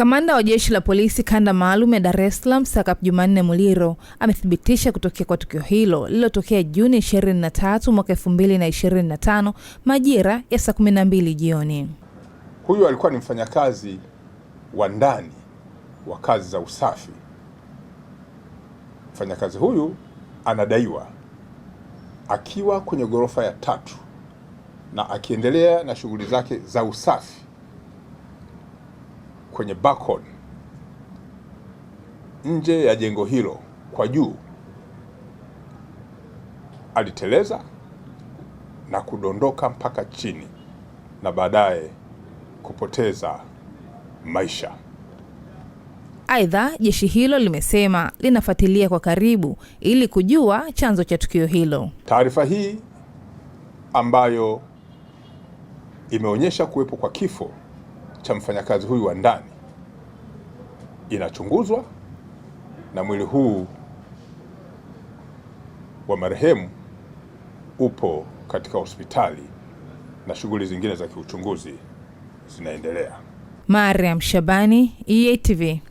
Kamanda wa jeshi la polisi kanda maalum ya Dar es Salaam SACP Jumanne Muliro amethibitisha kutokea kwa tukio hilo lililotokea Juni 23 mwaka 2025 majira ya saa 12 jioni. Huyu alikuwa ni mfanyakazi wa ndani wa kazi za usafi. Mfanyakazi huyu anadaiwa akiwa kwenye ghorofa ya tatu na akiendelea na shughuli zake za usafi kwenye balcony nje ya jengo hilo kwa juu, aliteleza na kudondoka mpaka chini na baadaye kupoteza maisha. Aidha, jeshi hilo limesema linafuatilia kwa karibu ili kujua chanzo cha tukio hilo. Taarifa hii ambayo imeonyesha kuwepo kwa kifo cha mfanyakazi huyu wa ndani inachunguzwa na mwili huu wa marehemu upo katika hospitali na shughuli zingine za kiuchunguzi zinaendelea. Mariam Shabani, EATV.